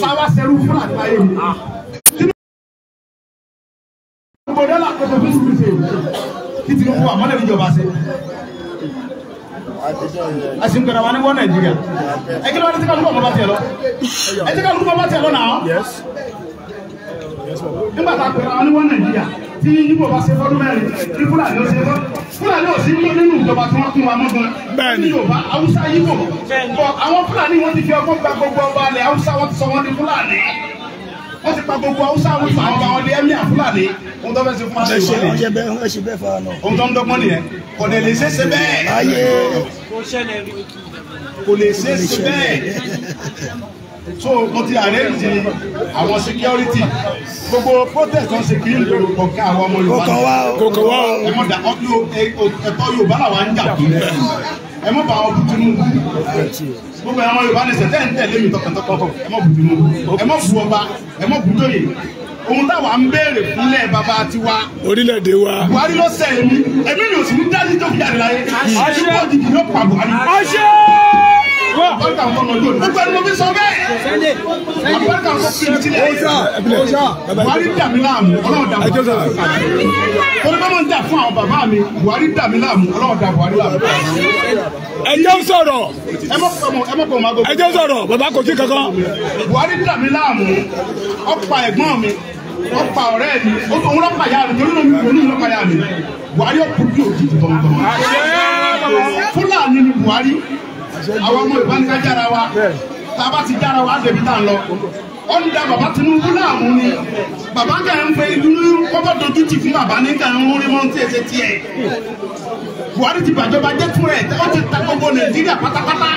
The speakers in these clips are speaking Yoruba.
sáwá sẹ́rú fún àgbáyé mi. gbogbo dọ́là kọjá fún ìlú ṣe kí Tinubu wà mọ́lẹ̀ níjọba ṣe. àti nkàrà wa ní wọ́n Nàìjíríà ẹ kí ló wá ní tíkàlùkù ọmọ bá tiẹ̀ lọ ẹ tíkàlùkù ọmọ bá tiẹ̀ lọ nà án. nígbà tá a pèrè àwọn ní wọ́n Nàìjíríà tí ibo bá ṣe fọ́dún mẹ́rin tí fúlàní ó ṣe fọ́ fúlàní ò sí mú nínú ìjọba tí wọ́n tún wa mú gan bẹ́ẹ̀ni yorùbá haúsá ibo bọ àwọn fúlàní wọ́n ti fi ọgbọ́n gba gbogbo ọba alẹ haúsá wọ́n ti sọ wọ́n di fúlàní wọ́n ti pa gbogbo haúsá wọ́n fà ọba wọn di ẹmí àfúlàní ohun tó fẹ́ ṣe fún aṣèwé ohun tó ń dọ́gbọ́n nìyẹn kò lè lè ṣeéṣe bẹ́ẹ̀ kò lè ṣeéṣe bẹ́ẹ̀ so mo ti arrange àwọn security gbogbo protest wọn ṣe kí n lò kọ̀ọ̀kan àwọn ọmọ Yorùbá kọ̀ọ̀kan wá kọ̀ọ̀kan wá ẹ mọ̀ dà ọdún ẹ̀tọ́ Yorùbá làwọn ń jà fún ẹ ẹ mọ̀ bá wọn bu Tinubu gbogbo àwọn Yorùbá ní sẹ́tẹ̀ ń tẹ̀lé mi tọkàntọkàn ẹ mọ̀ bu Tinubu ẹ mọ̀ bu ọba ẹ mọ̀ bu tóyè ohun táwa ń béèrè fúnlẹ̀ bàbá tiwa. orílẹ̀-èdè wa. buhari ló sẹ̀ èmi èmi yóò sì ní dájú tó fi àdìláyé. àṣẹ àṣẹ àṣẹ àbáríkà ń fọmọ lónìí. gbogbo ẹni mo fi sọ bẹ́ẹ̀. àbáríkà ń fọ fìlì sílẹ̀. ọjà Buhari dà mí láàmú ọlọ́ọ̀dà Buhari láàmú. torí báwọn ń dà fún àwọn bàbá mi Buhari dà mí láàmú ọlọ́ọ̀dà Buhari láàmú. ẹ jẹ́ ń sọ̀rọ̀. ẹ mọ̀ pọ̀ mọ́ ẹ jẹ́ ń sọ̀rọ̀ bàbá kò sí kankan. Buhari dà mí láàmú ọ̀pá ẹ̀gbọ́n mi ọ̀pá ọ̀rẹ́ mi òun lọ́pàá yá mi torí òun lọ́pàá yá mi Buhari ọ̀pọ̀ bí òjijì tọ̀ntọ̀n. Fúlàní ni Buhari àwọn ọmọ ìbánika jára wa tá a bá ti jára wa á débi tá a lọ wọ́n ń da bàbá Tinubu láàmú ni bàbá kà ń pe ìlú kọ́kọ́ dojú ti fún bàbá ní kà ń rí mọ́ tí èsè tiẹ̀ Buhari ti bàjọba jẹ́ tún rẹ̀ ó ti ta gbogbo Nàìjíríà pátápátá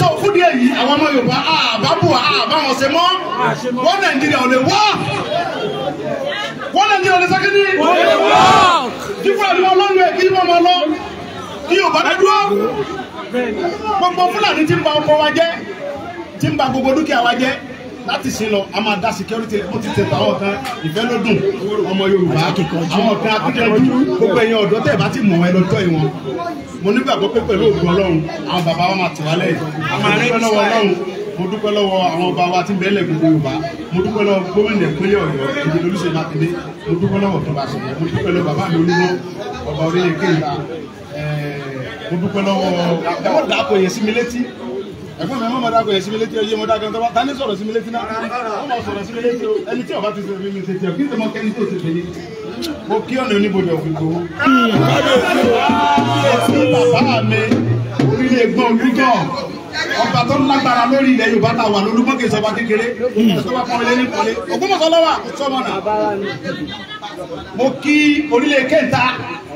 sọ fún díẹ̀ yìí àwọn ọmọ Yorùbá àbá bùwà àbá wọn ṣe mọ́ wọ́n Nàìjíríà ò lè wọ́ wọ́n Nàìjíríà ò lè sẹ́kẹ́ndì kíkọ́ ìlú ọlọ́run ẹ̀ kí wọ́n mọ lọ ní Yorùbá dúró gbogbo fúlàní tí ń ba ọkọ wa jẹ́ tí ń ba gbogbo dúkìá wa jẹ́ láti sin lọ a máa da security ó ti tètè àwọn kan ìfẹ́ ló dùn ọmọ yorùbá àwọn kan akíkanjú gbogbo ẹ̀yin ọ̀dọ́ tẹ̀ bá ti mọ̀ ẹ lọ́jọ́ ìwọ̀n mo nígbàgbọ́ pé pẹ̀lú ògùn ọlọ́run àwọn bàbá wa máa tẹ̀ wá lẹ́yìn a máa rí lọ́wọ́ ọlọ́run mo dúpẹ́ lọ́wọ́ àwọn ọba wa tí ń gbogbo yorùbá mo dúpẹ́ lọ́wọ́ gómìnà ìpínlẹ̀ ọ̀yọ́ èdè olùsè mákindé mo dúpẹ́ lọ́wọ́ tó bá sọ̀rọ̀ mo dúpẹ́ lọ́wọ́ bàbá mi olúmọ ọba orílẹ̀-èdè ìlà eh, mo dúpẹ́ lọ́wọ́ ẹ mọ̀ dàpọ̀ yẹn sí mi létí ẹ̀gbọ́n mi ẹ mọ̀ mọ̀ dàpọ̀ yẹn sí mi létí ẹ yé mo dàgbẹ́ ntọ́ba tani sọ̀rọ̀ sí létí náà wọ́n mọ̀ sọ̀rọ̀ sí létí o ẹni tí ọba ti sọ̀rọ̀ mi létí o kí n tẹ́ mọ kẹ́ni tó ti fẹ́ yé mo kí ọ̀nà oníbodè ọ̀fìn gbòó. kábíyèsí bàbá mi orílẹ̀ ègbọ́n orí ọba tó lágbára lórí ilẹ̀ Yorùbá ta wà lólúmọ́kè sọba kékeré sọba hmm. pọ́nlé ní pọ́nlé Ògbómọ̀ṣọ́ lọ́wọ́ sọmọnà mo kí orílẹ̀ kẹta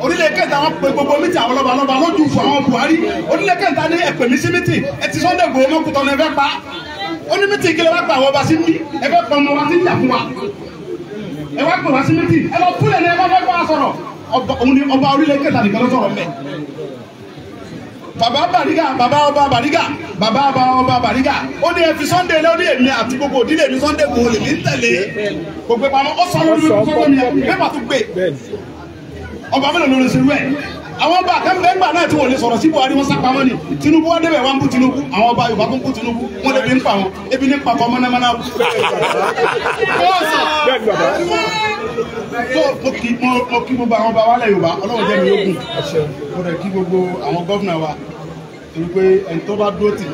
orílẹ̀ kẹta wọn pe gbogbo mítì àwọn ọlọ́ba ọlọ́ba lójú fún àwọn Buhari orílẹ̀ kẹta ní ẹ̀pẹ̀ mi sí mítì ẹ ti Sunday Igboho mọ́kútọ́ ní ẹ fẹ́ pa ó ní mítì kí lè wá pa àwọn ọba sí mí ẹ fẹ́ pọ́n mọ́ wá sí ìjà fún wa ẹ wá pè wá sí mítì ẹ lọ kúlẹ̀ ní ẹ bá fẹ́ bá wa sọ̀rọ̀ ọba orílẹ̀ kẹta nìkan ló sọ̀rọ̀ mẹ́ bàbá Bariga baba ọba Bariga baba ọba ọba Bariga ó ní ẹfi Sunday lé ó ní èmi àti gbogbo òdílé mi Sunday kò lè mí tẹ̀lé gbogbo ìpamọ́ ó sọ lórí sọ́kọ́ ni pépà tó gbé ọba mélòó ló lè ṣe rẹ̀ àwọn ọba àtẹ́mùbẹ́ ńgbà náà tí wọ́n lè sọ̀rọ̀ sí Buhari wọ́n sá ni Tinubu wá débẹ̀ wá ń bú Tinubu àwọn ọba Yorùbá tó ń bú Tinubu wọ́n lè fi ń pa wọn ebi ní pa kọ́ mọ́nàmọ́ná. tó mo kí gbogbo àwọn bàbá alẹ́ Yorùbá ọlọ́run jẹ́ mi lógún mo dẹ̀ kí gbogbo àwọn gọ́fìnà wa torí pé ẹni tó bá dúró tì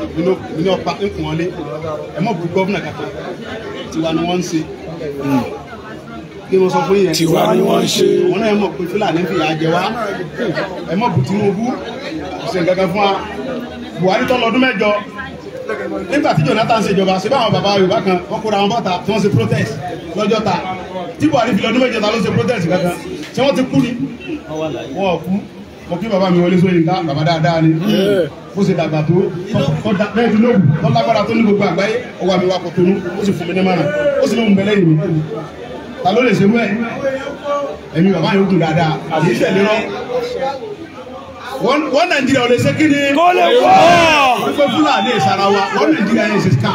mí náà pa nkùn wọn lé ẹ mọ̀ bí gọ́fìnà kankan tiwa ni wọ́n ń ṣe kí mo sọ fún yẹn tiwa ni wọ́n ń ṣe wọn náà ẹ mọ̀ pé Fúlàní fìyà jẹ wá ẹ mọ̀ bù Tinubu ṣe nǹkan kan fún wa Buhari tó lọ́dún mẹ́jọ nígbà tí Jonathan ṣèjọba ṣe báwọn bàbá Yorùbá kan wọ́n kóra wọn bọ́ta tí wọ́n ṣe protest lọ́jọ́ ta tí buhari fi lọ ọdún mẹ́jẹta ló ṣe protest kankan ṣé wọ́n ti kú ni wọ́n kú mo kí bàbá mi wọlé Ṣóyínká bàbá dáadáa ni bó ṣe dàgbà tó bẹ́ẹ̀ fi lóògùn tó lágbára tó ní gbogbo àgbáyé ọwọ́ mi wà kó tónú ó sì fún mi ní márùn ó sì lóhùn bẹ́lẹ́ yìí ta ló lè ṣe mú ẹ ẹ̀mí bàbá yóò dùn dáadáa àti ìṣẹ̀lẹ̀ rọ wọ́n nàìjíríà ò lè ṣe kí ni. kó lè wọ́. wọ́n fẹ́ fúlàní ìsarawa wọ́n nàìjíríà yẹn ṣe ká.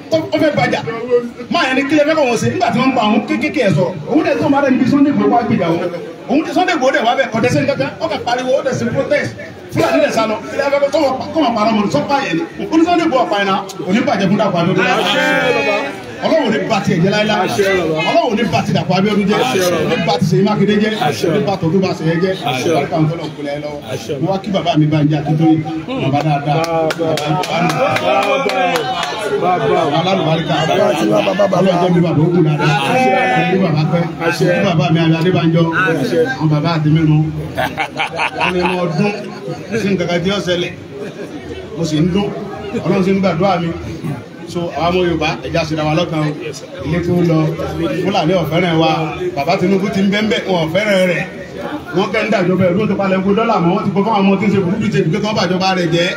ó fẹ́ bàjá máa yẹn ní kílẹ̀ fẹ́ kọ́ wọn ṣe nígbà tí wọ́n ń pa àwọn kéékèèké ẹ̀ sọ̀rọ̀ òun dẹ̀ tó máa rẹ̀ níbi Sunday Igboho wá gbèjà wọn òun ti Sunday Igboho dẹ̀ wá bẹ̀ ọ̀dẹ̀ sẹ́ni kankan ó kà pariwo ó dẹ̀ sẹ́ni protest Fúlàní lẹ̀ sálọ ilé afẹ́kọ̀ tó wọ́n pa ara mọ̀ ní sọ́pà yẹn ni ó ní Sunday Igboho ọ̀pá yẹn náà òní bàjẹ́ fún dàpọ̀ àdúgbò ọlọ́run ní ba ti ẹ̀jẹ̀ láyé láyé ọlọ́run ní ba ti Dàpọ̀ Abíọ́dún jẹ́ ní ba ti Ṣèyí Mákindé jẹ́ ní ba tọ́jú bá ṣe yẹ jẹ́ àgbàkà ń tọ́lọ̀ kulẹ̀ lọ́wọ́ mo wá kí bàbá mi bá ń jẹ́ àtúntòyìn hmm. bàbá dáadáa alárùbáríkà ọlọ́run jẹ́ mi bàbá ogun dáadáa ní bàbá pẹ́ ní bàbá mi Adébánjọ àwọn bàbá àti mímu ẹni mọ ọdún sí nǹkan kan tí ó ṣẹlẹ̀ mo sì ń dún ọlọ́run sì ń gbàdúrà mi so àwọn ọmọ yorùbá ẹja ṣe dáwà lọ́kàn ilé tó lọ fúlàní ọ̀fẹ́ràn wa bàbá tinubu ti ń bẹ́ńbẹ́ wọn ọ̀fẹ́ràn rẹ̀ wọn kẹ́ ń dàjọba ẹ̀rú tó palẹ̀ ń kó dọ́là wọn ti kó fáwọn ọmọ tí ń ṣe burúkú jẹ ìdúgbò kan bàjọba rẹ̀ jẹ́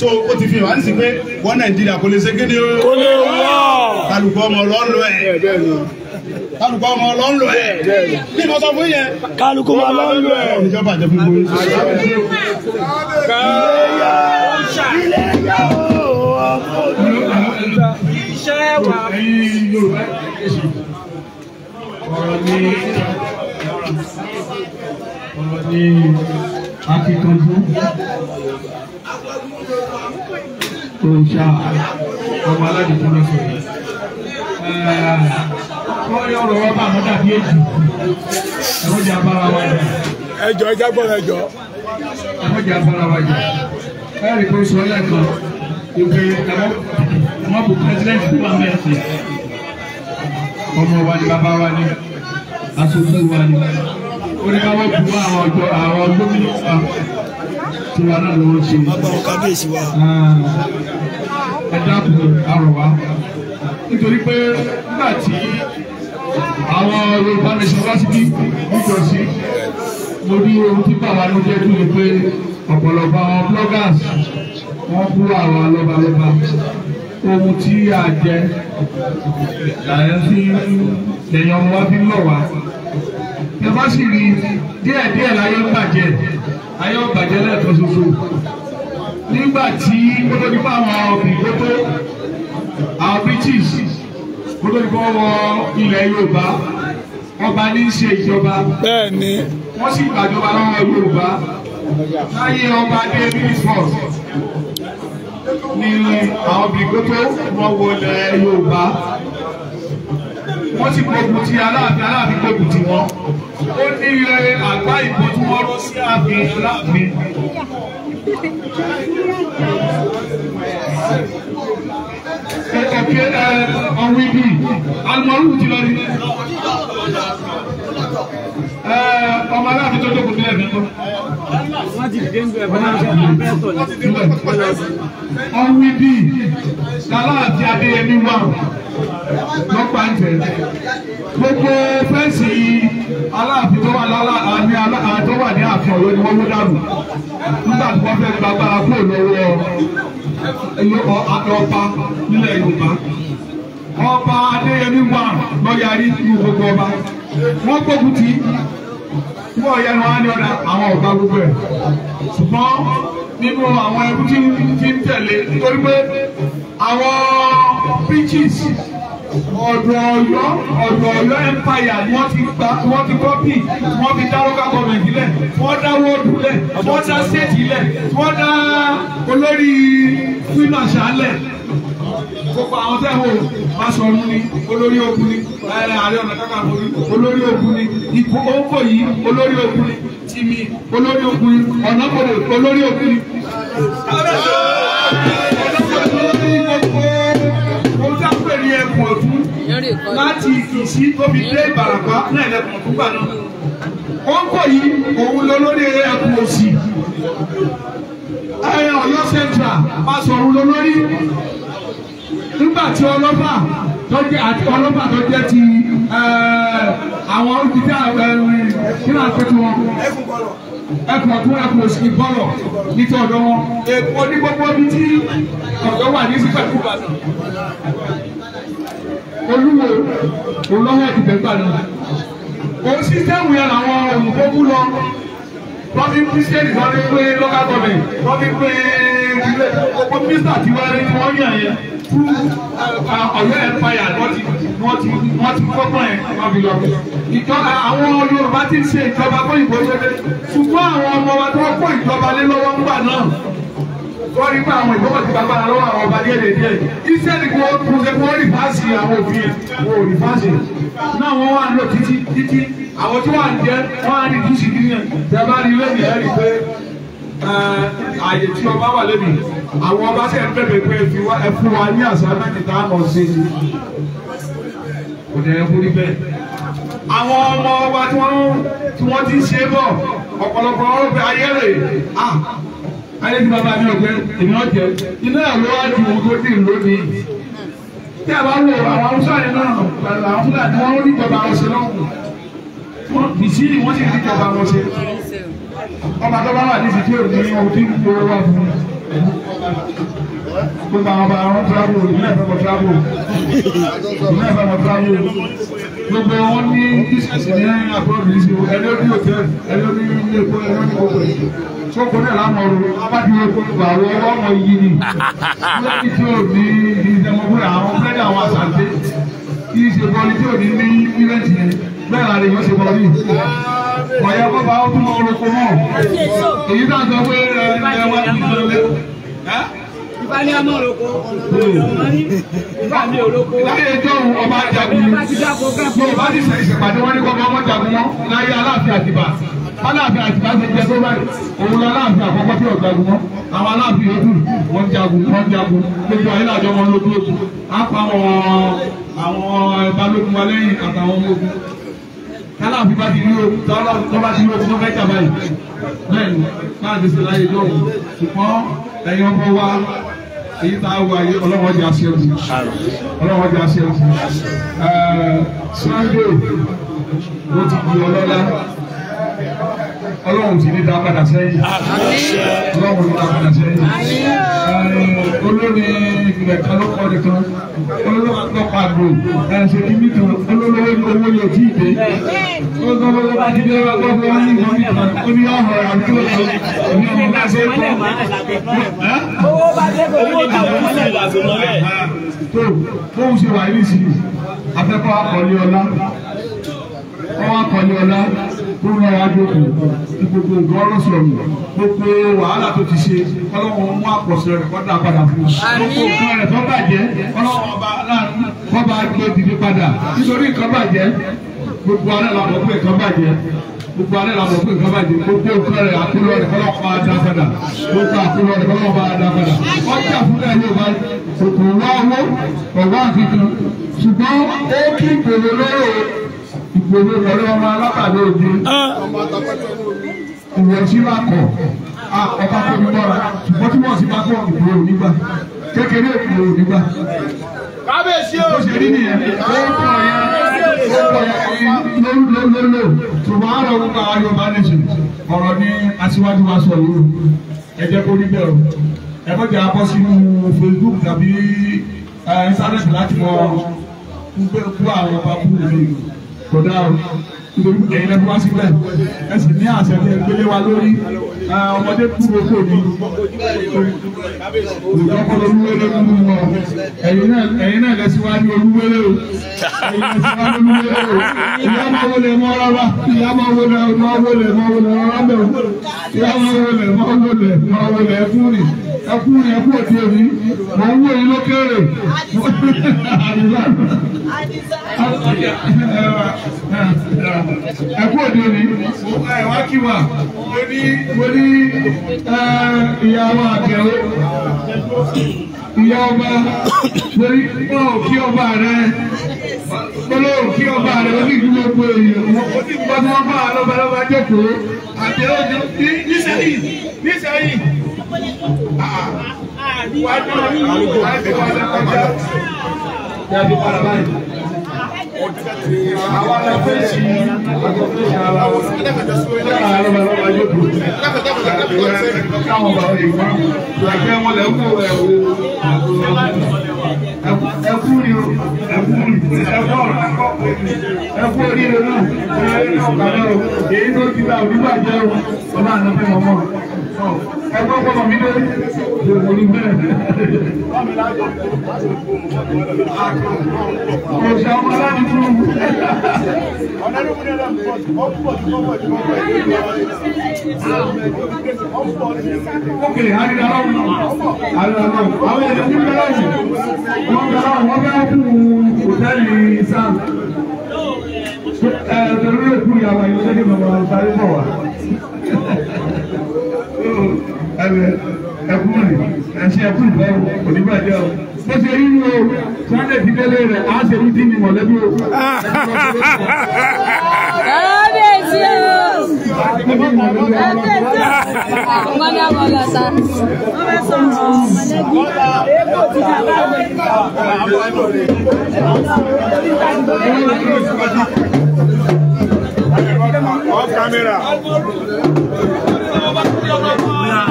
so ó ti fi hàn sí pé wọn nàìjíríà kò lè ṣe kéde o kálukú ọmọ ọlọ́ọ̀lù ẹ̀ kálukú ọmọ ọlọ́ọ̀lù ẹ̀ bí mo sọ fún yẹn kálukú ọmọ ọlọ́ọ̀lù ẹ̀ ìjọba àjẹmú gbòòrò. tó ẹ̀yin Yorùbá kejì ọ̀rọ̀ ní ọ̀rọ̀ ní akíkanjú òòṣà ọmọ aládùúgbò náà sọ̀rọ̀ wọ́n ní ọ̀rọ̀ wọn bá àwọn dàbí èjì ẹ̀wọ́n jẹ́ abára wa jù. ẹjọ ẹjọ gbọ́dọ̀ ẹjọ. ẹ̀wọ́n jẹ́ abára wa jù. ẹ̀rì kò sọ lẹ́ẹ̀kan ìpè ẹ̀wọ́n wọn ah. bu president bí wọn bẹ́ẹ̀ sè ọmọ wa ni bàbá wa ni aṣojú wa ni oníkàwé bu àwọn ọjọ́ àwọn gómìnà wa tí wọn náà lọ́wọ́ ṣe. bàbá wọn kábíyèsí wa. ẹ dábòó àrò wa nítorí pé nígbà tí àwọn Yorùbá nation wá síbí nítòsí mo rí ohun tí bàbá ló jẹ́ tó lè pé ọ̀pọ̀lọpọ̀ àwọn bloggers wọ́n kú àwọn lọ́balọ́ba ohun tí a jẹ làyẹn fi lẹ́yìn ọmọ wa fi ń lọ wá ẹ bá sì rí díẹ̀ díẹ̀ láyé ń bàjẹ́ ayé ń bàjẹ́ lẹ́ẹ̀kan ṣoṣo nígbà tí olódìpá àwọn òbíkó tó àwọn british olódìpá wọ ilẹ̀ yorùbá ọba ní í ṣe ìjọba bẹ́ẹ̀ni wọ́n sì gbàjọba lọ́wọ́ yorùbá láyé ọba dé minister ni àwọn obìnrin tó wọ́n wọlé Yorùbá wọ́n sì gbógun ti aláàfin aláàfin gbógun ti wọn. ó ní ilẹ̀ àgbá ìbò tí wọ́n rọ́ sí ààfin aláàfin. ẹ̀kẹ́ ọ̀hún ibi alùmọ́rù ti lọ rí. ọmọ aláàfin tó dókòó sílẹ̀ nínú ọwọ́ ibi tàlá àti adéyẹmí wà lọ́pàá ń tẹ̀ gbogbo fẹ́ǹsì aláàfin tó wà ní àfin ọ̀yọ́ ni wọ́n wó dànù nígbà tí wọ́n fẹ́ gbàgbára kúrò lọ́wọ́ ọba nílẹ̀ yorùbá ọba adéyẹmí wà lọ́yàrí ní gbogbo ọba wọ́n gbógun ti fún ọ̀yẹ́ ni wọ́n á ní ọ̀dà àwọn ọ̀gá gbogbo ẹ̀ ṣùgbọ́n nínú àwọn ẹrú tí ń tẹ̀lé nítorí pé àwọn pitches ọ̀dọ̀ ọ̀yọ́ ọ̀dọ̀ ọ̀yọ́ empire ni wọ́n ti gba wọ́n ti kọ́pì wọ́n fi dá local government lẹ̀ wọ́n dá wọ́ọ̀dù lẹ̀ wọ́n dá state lẹ̀ wọ́n dá olórí fúnàṣà lẹ̀ gbogbo àwọn tẹ́ ò Basọ̀run ni olórí ogun ni Ààrẹ Ọ̀nà Kakanfò ni olórí ogun ni ìkó owó yìí olórí ogun ni tìmí olórí ogun ni ọ̀nà kòrò olórí ogun ni. ẹkùn ọ̀tún láti ìsí tóbi dé ìbàràpá náà ẹlẹ́kùn ọ̀tún gbà náà. ó ń kọ̀ yìí òun lọ lórí ẹkùn òsì ẹ̀yàn Ọ̀yọ́ central Basọ̀run lolórí nígbà tí ọlọ́fà tó jẹ́ àti ọlọ́fà tó jẹ́ ti eh, àwọn olùdíjà eh, kí náà fẹ́ tí wọn ẹkùn ọdún ẹkùn òsì bọ́lọ̀ nítorí ọ̀dọ́ wọn èkó ní gbogbo ibi tí ọ̀dọ́ wà ní sípẹ̀kù Ìbàdàn olúwo olówó ẹ̀dùnkẹ́gbà náà òun sísẹ́mù yẹn làwọn olùkókú lọ wọ́n fi kírísítẹ́nì wọ́n fi pé local government wọ́n fi pé ilé gbogbo mínísítà tí wọ́n rí tí wọ́n yàn yẹn fún ọ̀yọ́ empire wọ́n ti wọ́n ti wọ́n ti kọ́kọ́ yẹn wọ́n fi lọ. ìjọba àwọn Yorùbá ti ń ṣe ìjọba fún ìbò yẹlẹ ṣùgbọ́n àwọn ọmọ wa tó kó ìjọba lé lọ́wọ́ ńgbà náà wọ́n rí pé àwọn ìjọba ti gbàgbára lọ́wọ́ àwọn ọba díẹ̀ díẹ̀ iṣẹ́ ni kò tún ṣe kó rí fáṣì àwọn òfin wọn ò rí fáṣì náà wọ́n wà lọ títí títí àwọn tí wà ń jẹ́ wọ́n á di túsì kíríyàn tẹ́ bá rí lẹ́nu ẹ̀rí pé ààyè tí ọba wà lẹ́nu àwọn ọba tẹ̀ ń bẹ̀rẹ̀ pé ẹ fún wa ní àṣà mẹ́tì tá a mọ̀ sí i kò dẹ̀ ẹ́ kúrí bẹ́ẹ̀. àwọn ọmọ ọba tí wọ́n tí wọ́n ti ṣe bọ̀ ọ̀pọ̀lọpọ̀ ọ̀rọ̀ pé ayé rè ayé tí bàbá mi ò pé èmi ọ̀jẹ̀ iná ẹ̀ ló wá ju ogójì lónìí tí a bá wo àwọn haúsá yẹn náà pẹ̀lú àwọn fúlàní wọn rí bàbá wọn ṣe lọ́wọ́ wọn bì sí ni wọ́n sì rí bàbá wọn ṣe ọba tó bá wà ní ìsìnkú òní ohun tí kò wá fún gbogbo àwọn ọba àwọn tíráwò ìlú ẹ̀fọ́ mọ̀ tíráwò ìlú ẹ̀fọ́ mọ̀ tíráwò gbogbo wọn ní bísíǹsì ní àbúrò ní ìsìn ẹni ó ní hòtẹ́ẹ̀lì ẹni ó ní ilé epo ẹni ó ní gbogbo ẹ̀ tó kọ́ náà lámọ̀ ọ̀rọ̀ abájú epo gbàwọ́ ọmọ yìí ni lórí tí ò ní àwọn fúnra àwọn búrẹ́dì àwọn àṣàǹté kì í ṣe bọ́ọ̀lì tí ò ní ní ìrẹ́tì yẹn bẹ́ẹ̀ la lè yọ ṣe bọ́ọ̀lì. ọ̀yẹ́ kó bá tún mọ orúkọ mọ́ èyí tá a sọ pé ẹ ẹ wá ní ìṣòro ìbálẹ̀ ọmọ òroko ìbálẹ̀ òroko. láyé ẹjọ́ ọba jagun ọba ti sẹ́yìn ṣèpàdé wọn ní kọ́kọ́ ọmọ jagun mọ́ láyé aláàfin àtibá aláàfin àti bá ṣe jẹ tó báyìí òun lọ aláàfin àkọ́kọ́ tí ọ̀jagun mọ́ àwọn aláàfin yòókù wọ́n jagun wọ́n jagun gbogbo ayé làjọ wọn lójú oṣù àpá àwọn àwọn balógun wa lẹ́yìn àtàwọn ọmọ ogun aláàfin bá ti ní o tọ́lá ti ní o tó fẹ́ jà báyìí bẹ́ẹ̀ ni máa ti ṣe láyé lọ́wọ́ ṣùgbọ́n ẹ̀yin ọmọ wa èyí tá a wà yìí ọlọ́wọ́ jà sí ẹ̀sìn ọlọ́wọ́ jà sí ẹ̀sìn Sunday ó ti di ọlọ́lá ọlọ́run sì ní dápadà sẹ́yìn ọlọ́run ní dápadà sẹ́yìn olórí ìgbìmọ̀ ẹ̀ka ló kọ́ nìkan olólùpàá àgbò ẹ̀sẹ̀ kìíní kan olólùwẹ̀ owó yóò tí ì dé olólùwẹ̀ bá ti dé wá gbọ́dọ̀ wá ní ìwọ̀n nìkan ó ní ọ̀họ̀ àti òṣèlú ní ọmọ náà ṣe é kọ́ owó bá dé kò ní ìdàgbọ́ mọ́lẹ̀ làgbọ́mọ́lẹ̀. tó bóun ṣe wà ní ìsìn afẹ́kọ̀ọ́ akọ̀lẹ́ ọlá ọwọ́ akọ̀lẹ́ ọlá tó ń rọra jókòó kí gbogbo nǹkan ọlọ́sọ̀ mi gbogbo wàhálà tó ti ṣe ọlọ́run mú àpọ̀sẹ̀ rẹ̀ kọ́dà padà fún un gbogbo nǹkan rẹ̀ tó bàjẹ́ ọlọ́run ọba aláàánú kọ́ba gbé dìde padà nítorí nǹkan bàjẹ́ gbogbo alẹ́ làwọn ọgbẹ́ nǹkan bàjẹ́ gbogbo alẹ́ la mọ̀ pé nǹkan bá di gbogbo nǹkan rẹ̀ àkúrò rẹ̀ kọ́lọ́ máa padà gbogbo àkúrò rẹ̀ kọ́lọ́ máa padà ọjà fúnlẹ̀ ìgbèrè lọ́rẹ́ ọmọ alábàdé òde ìyẹn tí wàá kọ̀ ọba kò ní bọ́ra ṣùgbọ́n tí wọ́n sì bá kọ́ ìgbèrè onígbà kékeré ìgbèrè onígbà. kábíyèsí o ṣe rí nìyẹn ó ń kọ yẹn ó ń kọ yẹn lólólólò ṣùgbọ́n àrò ń gba ayọ̀ bá lè ṣe ọ̀rọ̀ ní aṣíwájú wa sọ yìí ẹ jẹ́ kó níbẹ̀ o ẹ bọ́ jẹ́ abọ́ sínú Facebook tàbí eh, internet láti mọ gbogbo àwọn ọba kúrò lóyún kò dáa o nítorí ẹ̀yin lẹ́kọ́ wá síbẹ̀ ẹ sì ní àṣẹ fún ìgbélé wa lórí ọmọdé kú oko mi olùdókòwò olúwéré kú mọ ẹ̀yin náà lẹ́síwájú olúwéré o ẹ̀yin lẹ́síwájú olúwéré o ìyá máa wọlé mọ́ rárá ìyá máa wọlé máa wọlé máa wọlé rárá bẹ́ẹ̀ o ìyá máa wọlé máa wọlé máa wọlé fún mi ẹkú ni ẹkú òdi òní mò ń wò yín lókèrè. ẹkú òdi òní wá kí wa mo ní mo ní ìyàwó àgẹ̀wò ìyá ọba lórí wọn ò kí ọba rẹ gbọ́dọ̀ ò kí ọba rẹ lórí ìdúró pé èèyàn wọn bá lọ́ba lọ́ba jókòó àti ọjọ́ nísẹ́yìn nísẹ́yìn. Yàbí padà báyìí. Àwọn àlàfẹ́ ṣì ń àtọ̀fẹ́ ṣe ara wọn. Lára àárọ̀ bàbá wa yóò dùn. Káwọn bàbá yìí wá. Ìgbàgbé wọn lè kú ẹ̀ wò. Ẹkú ni o, ẹkú ni, ẹkú ọ̀rọ̀ akọ́, ẹkú oríire náà, ẹ̀rọ ìnáwó kan náà o, èyí tó ti bá òdúgbà jẹ́ o, bàbá àlàfẹ́ mọ̀mọ́ ẹgbẹ́ ọpọlọ mi dé òwò ni bẹ́ẹ̀. kò sí àwọn aláàbí tó wù. ok àrídà lọ́wọ́ àrídà lọ́wọ́ àwọn èèyàn ti bẹ̀rẹ̀ yìí wọ́n bẹ̀rẹ̀ wọ́n bẹ̀rẹ̀ fún hòtẹ́ẹ̀lì sáà. ẹ̀ẹ́dẹ̀rú lè kú ìyàwó ayọ̀dẹ́gbẹ̀mọ̀ ọ̀sán yóò bọ̀ wá ẹwẹ ẹkún ni ẹsẹ ẹkún ìgbà o onígbàjẹ o bó ṣe rí nu o sunday ti délé rẹ á ṣe rí dín ní mọ̀lẹ́bí o. kábíyèsí o kábíyèsí o mọdà mọdà sa wọn bẹ sọ ọ mọ̀lẹ́bí èkó ti dà bá wẹ. Off camera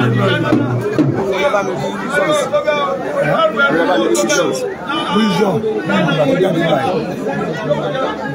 bá mi rí visions bóyá bá mi rí visions vision ní ìgbà tó jáde báyìí.